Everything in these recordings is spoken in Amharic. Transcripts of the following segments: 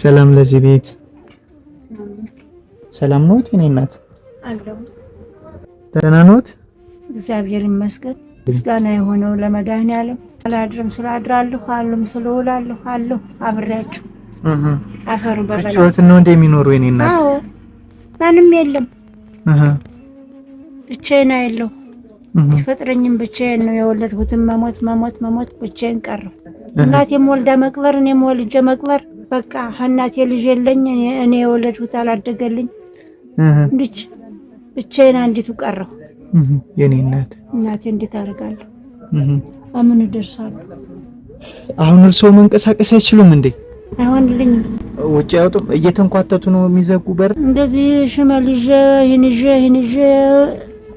ሰላም ለዚህ ቤት ሰላም ኖት? የኔ እናት አለው ደህና ኖት? እግዚአብሔር ይመስገን። ምስጋና የሆነው ለመድኃኒዓለም ስላድርም ስላድራለሁ አሉም ስለውላለሁ አለሁ አብሬያችሁ አፈሩ በበላችሁት ነው እንደሚኖሩ የኔ እናት። አዎ ማንም የለም ብቻዬን አየለሁ ፍጥረኝም ብቻዬን ነው የወለድኩትም መሞት መሞት መሞት ብቻዬን ቀረሁ። እናቴም ወልዳ መቅበር እኔም ወልጄ መቅበር በቃ እናቴ ልጅ የለኝ፣ እኔ የወለድሁት አላደገልኝ ልጅ ብቻዬን አንዲቱ ቀረሁ። የኔ እናት እናቴ እንዴት አደርጋለሁ? አምን እደርሳለሁ? አሁን እርስዎ መንቀሳቀስ አይችሉም እንዴ? አይሆንልኝ። ውጭ ያውጡም እየተንኳተቱ ነው የሚዘጉ በር። እንደዚህ ሽመል ይዤ ይህን ይዤ ይህን ይዤ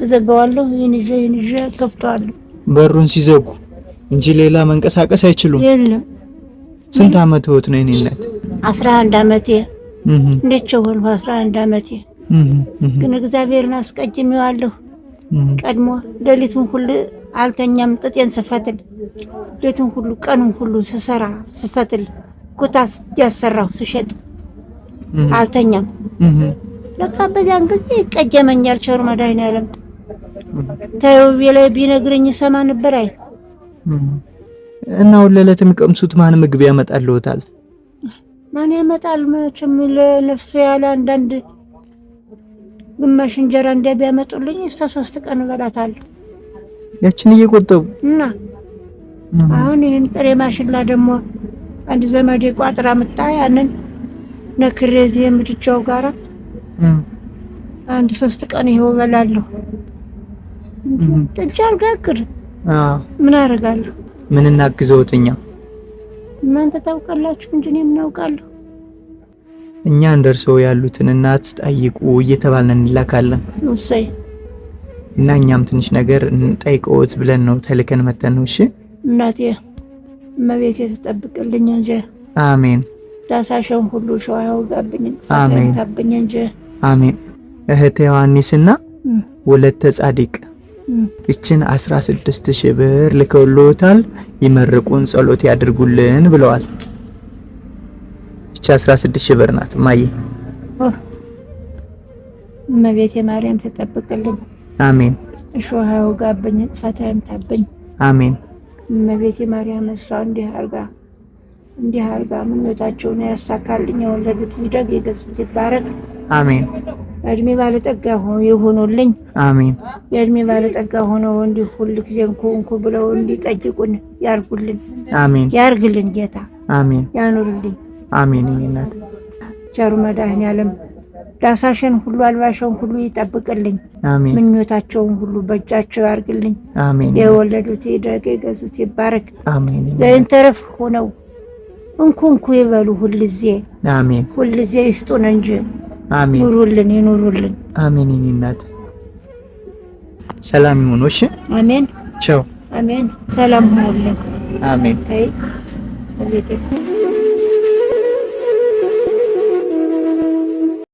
እዘጋዋለሁ፣ ይህን ይዤ ይህን ይዤ ከፍተዋለሁ። በሩን ሲዘጉ እንጂ ሌላ መንቀሳቀስ አይችሉም። የለም ስንት አመት ህይወት ነው የኔነት? አስራ አንድ አመቴ እንደቸው ሆን አስራ አንድ አመቴ ግን እግዚአብሔርን አስቀድሜዋለሁ። ቀድሞ ሌሊቱን ሁሉ አልተኛም ጥጤን ስፈትል ሌቱን ሁሉ ቀኑን ሁሉ ስሰራ ስፈትል ኩታ ያሰራው ስሸጥ አልተኛም። ለካ በዚያን ጊዜ ይቀጀመኛል ቸሩ መድኃኔዓለም ተይው ላይ ቢነግረኝ ይሰማ ነበር አይ እና አሁን ለዕለት የሚቀምሱት ማን ምግብ ያመጣልዎታል? ማን ያመጣል? መቼም ለነፍሱ ያለ አንዳንድ ግማሽ እንጀራ እንደ ቢያመጡልኝ እስከ ሶስት ቀን እበላታለሁ። ያችን እየቆጠቡ እና አሁን ይህን ጥሬ ማሽላ ደግሞ አንድ ዘመዴ ቋጥራ ምጣ ያንን ነክሬ እዚህ የምድጃው ጋራ አንድ ሶስት ቀን ይሄው እበላለሁ። ጥጃ አልጋግር ምን አደርጋለሁ? ምን እናግዘውት እኛ? እናንተ ታውቃላችሁ እንጂ እኔ ምን አውቃለሁ። እኛ እንደ እርስዎ ያሉትን እናት ጠይቁ እየተባልን እንላካለን። እሰይ እና እኛም ትንሽ ነገር እንጠይቀዎት ብለን ነው ተልከን መተን ነው። እሺ እናቴ እመቤቴ ትጠብቅልኝ እንጂ አሜን። ዳሳሸውን ሁሉ ሸዋ ያውጋብኝ አሜን። ታብኝ እንጂ አሜን። እህቴ ዮሐንስና ወለተ ጻዲቅ እችን 16 ሺህ ብር ልከውልዎታል። ይመርቁን፣ ጸሎት ያድርጉልን ብለዋል። እቺ 16 ሺህ ብር ናት። እማዬ እመቤቴ ማርያም ተጠብቅልን። አሜን። እሾህ ያውጋብኝ፣ ፈተን ታብኝ። አሜን። እመቤቴ ማርያም እሷ እንዲህ አርጋ እንዲህ አርጋ ምኞታቸውን ያሳካልኝ። የወለዱት ይደግ፣ የገዙት ይባረክ። አሜን። እድሜ ባለጠጋ የሆኑልኝ አሜን። የእድሜ ባለጠጋ ሆነው እንዲህ ሁል ጊዜ እንኩ እንኩ ብለው እንዲጠይቁን ያርጉልን። አሜን። ያርግልን ጌታ አሜን። ያኑርልኝ አሜን። ይናት ቸሩ መድኃኔዓለም ዳሳሽን ሁሉ አልባሽን ሁሉ ይጠብቅልኝ። ምኞታቸውን ሁሉ በእጃቸው ያርግልኝ። የወለዱት ይደረግ፣ የገዙት ይባረክ። ለእንተረፍ ሆነው እንኩ እንኩ ይበሉ ሁልጊዜ ሁልጊዜ ይስጡን እንጂ አሜን። ኑሩልን፣ ይኑሩልን። አሜን። የእኔ እናት ሰላም ይሁን። እሺ። አሜን። ቻው። አሜን። ሰላም ሁኑልን። አሜን። አይ